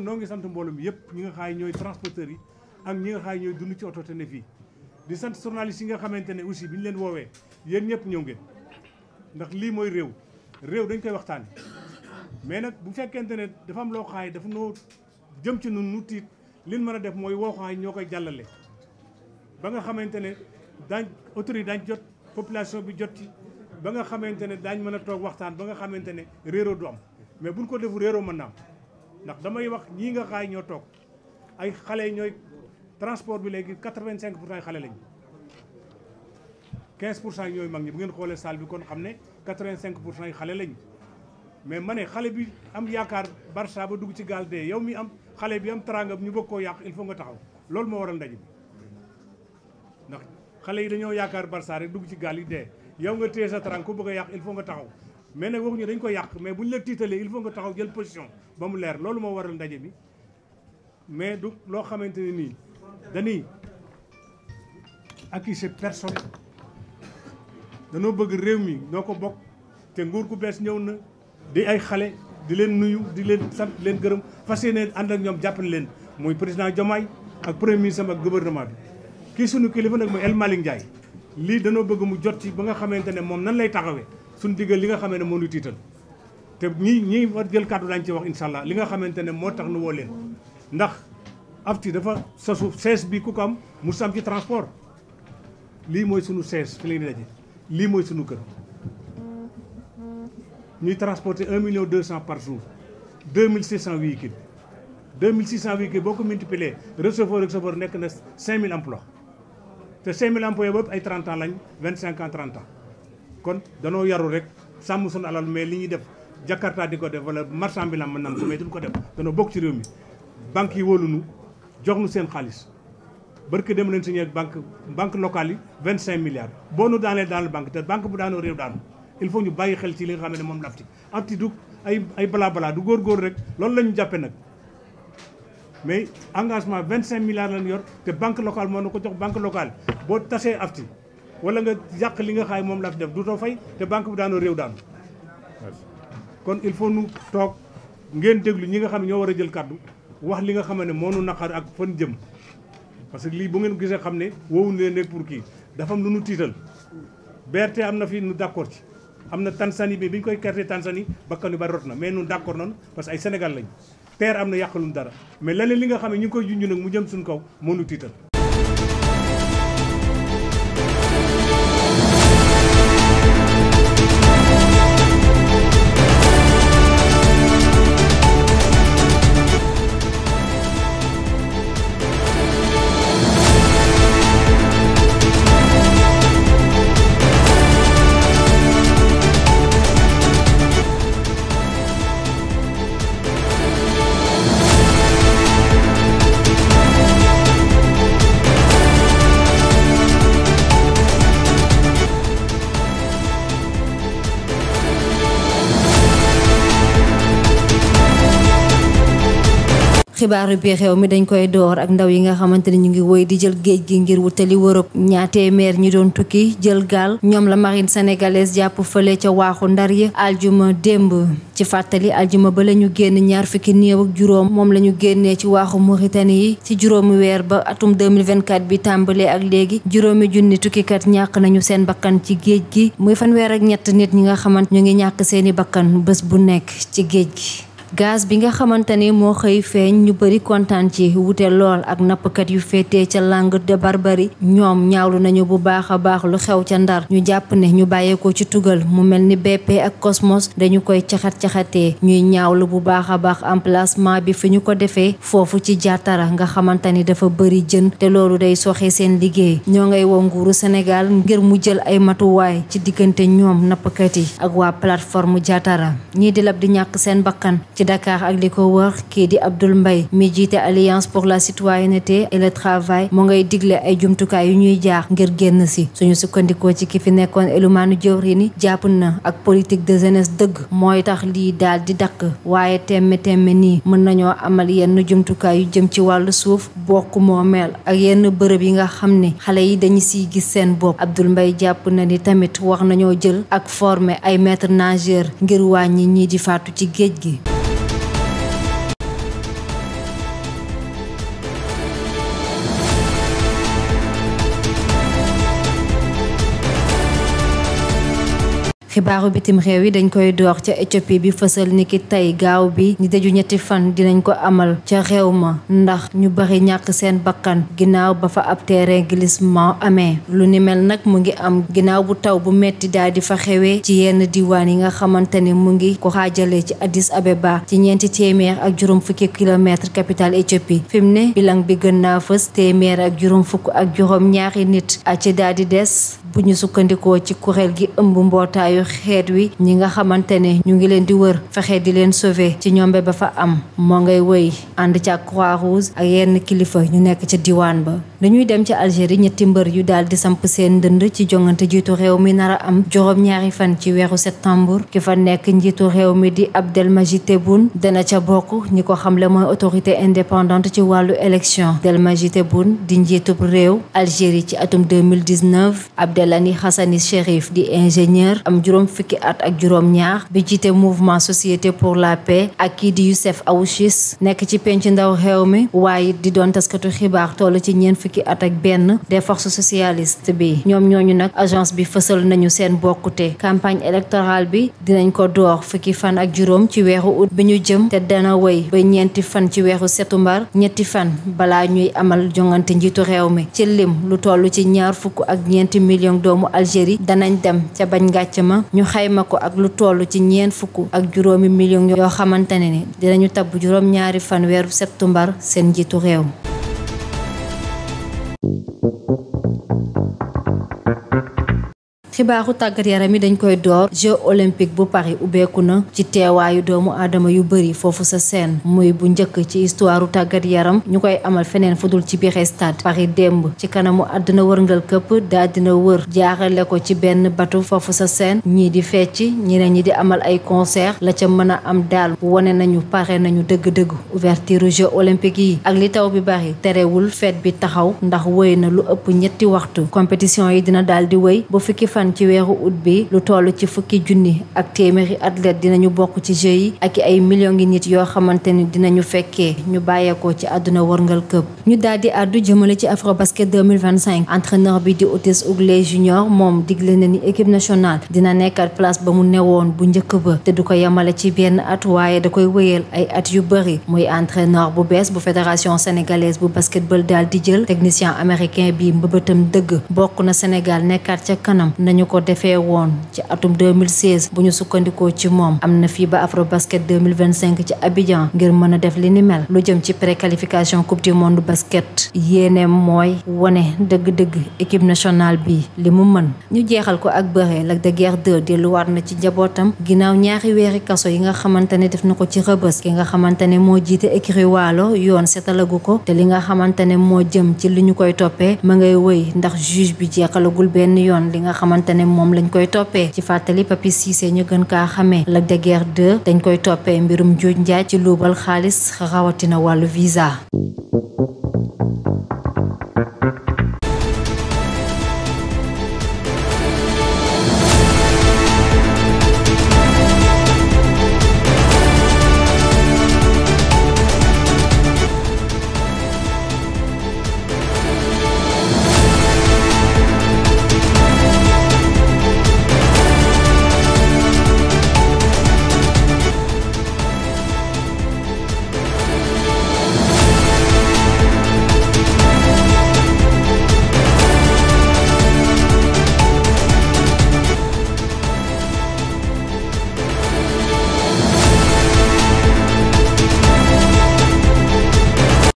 kon noo ngi sant mbooloo mi yëpp ñi nga xaay ñooy transporteurs yi ak ñi nga xaay ñooy dund ci oto te ne fii di sant journalistes yi nga xamante ne aussi bi ñu leen woowee yéen ñëpp ñëw ngeen ndax lii mooy réew réew dañ koy waxtaane mais nag bu fekkente ne dafa am loo xaay dafa noo jëm ci nun nu tiit liñ mën a def mooy woo xaay ñoo koy jàllale ba nga xamante ne daañ autorité dañ jot population bi jot ci ba nga xamante ne daañ mën a toog waxtaan ba nga xamante ne réeroo du am mais ko defu réeroo mën na ndax damay wax ñii nga xaay ñoo toog ay xale ñooy transport bi léegi quatre-vingt-cinq pour xale lañ quinze pour cent yi ñooy mag ñi bu ngeen xoolee salle bi kon xam ne quatre-vingt-cinq pour cent yi xale lañ mais ma ne xale bi am yaakaar Barça ba dugg ci gaal dee yow mi am xale bi am teraanga ñu bëgg koo yàq il faut nga taxaw loolu moo waral ndaje bi ndax xale yi dañoo yaakaar Barça rek dugg ci gaal yi dee yow nga téye sa teraanga ku bëgg a yàq il faut nga taxaw mais nag waxuñu dañ ko yàq mais bu ñu la tiitalee il faut nga taxaw jël position ba mu leer loolu moo waral ndaje bi mais du loo xamante ne nii dañuy accuser personne danoo bëgg réew mi ñoo ko bokk te nguur ku bees ñëw na di ay xale di leen nuyu di leen sant leen gërëm fas yéene ànd ak ñoom jàppale leen muy président Diomaye ak premier sama ak gouvernement bi kii sunu kilifa nag mooy El Malick Ndiaye lii danoo bëgg mu jot ci ba nga xamante ne moom nañ lay taxawee suñu diggal li nga xamee ne moo ñu tiital te ñi ñi war jël kàddu lañ ci wax incha allah li nga xamante ne moo tax nu woo leen ndax AFTU dafa sasu sees bi ku ko am mu sam ci transport lii mooy sunu sees fi leen di lii mooy sunu kër ñuy transporter un million deux cent par jour deux mille six cent véhicules mille six cent véhicules boo ko multiplier receveur receveur nekk na cinq mille emplois te cinq mille emplois boobu ay trente lañ vingt cinq ans kon danoo yaru rek sàmm suñu alal mais li ñuy def jakarta di ko def wala marchand ambulant mën nan ko mais duñ ko def danoo bokk ci réew mi banque yi wóolunu jox nu seen xaalis barke dem leen signé banque banque locale yi vingt cinq milliards boo nu daanee daanal banque te banque bu daanoo réew daanu il faut ñu bàyyi xel ci li nga xam ne moom lafti anti du ay ay balaa balaa du góor-góor rek loolu la ñu jàppee nag mais engagement 25 milliards lañ yor te banque locale moo na ko jox banque locale boo tasee afti wala nga yàq li nga xaay moom laa fi def du too fay te banque bi daanoo réew daanu kon il faut nu toog ngeen déglu ñi nga xam ne ñoo war a jël kàddu wax li nga xam ne moo nu naqar ak fan jëm parce que lii bu ngeen gisee xam ne woowuñu leen rek pour kii dafa am lu nu tiital BRT am na fi nu d'accord ci am na Tanzanie bi bi ñu koy kerte Tanzanie bakkan yu bari rot na mais nun d'accord noonu parce que ay Sénégal lañ terre am na yàqalun dara mais leneen li nga xam ne ñu koy junj nag mu jëm suñu kaw moo nu tiital xibaaru bi xew mi dañ koy door ak ndaw yi nga xamante ni ñu ngi woy di jël géej gi ngir wutali wërëb ñaatee meer ñi doon tukki jël gaal ñoom la marine sénégalaise jàpp fële ca waaxu ndar yi aljuma démb ci fàttali aljuma ba la ñu génn ñaar fukki néew ak juróom moom la ñu génnee ci waaxu Mauritanie yi ci juróomi weer ba atum 2024 bi tàmbalee ak léegi juróomi junni tukkikat ñàkk nañu seen bakkan ci géej gi muy fanweer ak ñett nit ñi nga xamante ñu ngi ñàkk seeni bakkan bés bu nekk ci géej gi gaz bi nga xamante ni moo xëy feeñ ñu bëri kontaan ci wute lool ak nappkat yu féetee ca Langue de Barbarie ñoom ñaawlu nañu bu baax a baax lu xew ca Ndar ñu jàpp ne ñu bàyyeekoo ci tugal mu mel ni béppe ak Cosmos dañu koy caxat caxate ñuy ñaawlu bu baax a baax emplacement bi fi ñu ko defee foofu ci jaatara nga xamante ni dafa bëri jën te loolu day soxee seen liggéey ñoo ngay woo nguuru Sénégal ngir mu jël ay matuwaay ci diggante ñoom nappkat yi ak waa plateforme jaatara ñii di lab di ñàkk seen bakkan ci Dakar ak li ko wër kii di Abdoul mbay mi jiite alliance pour la citoyenneté et le travail mu ngay digle ay jumtukaay yu ñuy jaax ngir génn si suñu sukkandikoo ci ki fi nekkoon Elimane Diawrigne jàpp na ak politique de jeunesse dëgg mooy tax lii daal di dakk waaye temme temme nii mën nañoo amal yenn jumtukaay yu jëm ci wàllu suuf bokk moomeel ak yenn bërëb yi nga xam ne xale yi dañu siy gis seen bopp Abdoul Mbaye jàpp na ni tamit wax nañoo jël ak former ay maître nageur ngir wàññi ñii di faatu ci géej gi xibaaru bitim réew yi dañ koy doox ca Éthiopie bi fësal niki tey gaaw bi ñu deju ñetti fan dinañ ko amal ca réew ma ndax ñu bari ñàkk seen bakkan ginnaaw ba fa ab terrain glissement amee lu ni mel nag mu ngi am ginnaaw bu taw bu metti daal di fa xewee ci yenn diwaan yi nga xamante ni mu ngi ko xaajale ci Addis Abeba ci ñeenti téeméer ak juróom fukki kilomètre capitale Éthiopie fi mu ne bilan bi gën naa fës téeméer ak juróom fukk ak juróom ñaari nit a ci daal di des bu ñu sukkandikoo ci kuréel gi ëmb mbootaayu taxawaayu xeet wi ñi nga xamante ne ñu ngi leen di wër fexe di leen sauver ci ñombe ba fa am moo ngay wëy ànd ca croix rouge ak yenn kilifa ñu nekk ca diwaan ba dañuy dem ci Algérie ñetti mbër yu daal di samp seen ndënd ci jongante jiitu réew mi nar am juróom-ñaari fan ci weeru septembre ki fa nekk njiitu réew mi di Abdelmadjid Tebboune dana ca bokk ñi ko xamle mooy autorité indépendante ci wàllu élection Abdelmadjid Tebboune di njiitub réew Algérie ci atum 2019 Abdelghani Hassani Chérif juróom fukki at ak juróom ñaar bi jiite mouvement société pour la paix ak kii di Youssef Aouchis nekk ci penc ndaw xew mi waaye di doon taskatu xibaar toll ci ñeent fukki at ak benn des forces socialistes bi ñoom ñooñu nag agence bi fësal nañu seen bokkute campagne électorale bi dinañ ko door fukki fan ak juróom ci weexu ut bi ñu jëm te dana wéy ba ñeenti fan ci weexu setu setumbar ñetti fan balaa ñuy amal jongante njiitu réew mi ci lim lu toll ci ñaar fukk ak ñeenti million doomu Algérie ñu xayma ko ak lu toll ci ñeent fukk ak juróomi millions yoo xamante ne ni dinañu tabb juróom ñaari fan weeru septumbar seen njiitu réew xibaaru tàggat yaram yi dañ koy door jeux olympique bu Paris ubbeeku na ci teewaayu doomu aadama yu bëri foofu sa seen muy bu njëkk ci histoire tàggat yaram ñu koy amal feneen fudul ci biir stade Paris démb ci kanamu àddina wërngal këpp daa dina wër jaarale ko ci benn batu foofu sa seen ñii di fecc ñeneen ñi di amal ay concert la ca mën a am daal wane nañu pare nañu dëgg-dëgg ouverture jeux olympiques yi ak li taw bi bari terewul feet bi taxaw ndax wéy na lu ëpp ñetti waxtu compétition yi dina daal di wéy am ci weeru ut bi lu toll ci fukki junni ak téeméeri athlète ñu bokk ci jeux yi ak ay million ngi nit yoo xamante ni ñu fekkee ñu bàyyeekoo ci àdduna wërngal këpp ñu daal di àddu jëmale ci afrobasket 2025 entraîneur bi di Otis Ougley junior moom digle na ni équipe nationale dina nekkat place ba mu newoon bu njëkk ba te du ko yemale ci benn at waaye da koy wéyal ay at yu bëri muy entraîneur bu bees bu fédération sénégalaise bu basketball daal di jël technicien américain bi mbëbëtam dëgg bokk ñu ko defee woon ci atum 2016 bu ñu sukkandikoo ci moom am na fii ba afro basket 2025 ci Abidjan ngir mën a def li ni mel lu jëm ci équipe nationale bi li mu mën ñu jeexal ko ak bëre Lac de Guiers 2 delluwaat na ci njabootam ginnaaw ñaari weeri kaso yi nga xamante ne def na ko ci rëbës ki nga xamante ne moo jiite écurie Waalo yoon setalagu ko te li nga xamante ne moo jëm ci li ñu koy toppee ma ngay wëy ndax juge bi jeexalagul benn yoon li nga xamante xamante ne moom lañ koy toppee ci fàttali Papis Cissé ñu gën kaa xamee la de Guiers dañ koy toppee mbirum njuuj njaaj ci luubal xaalis rawatina wàllu visa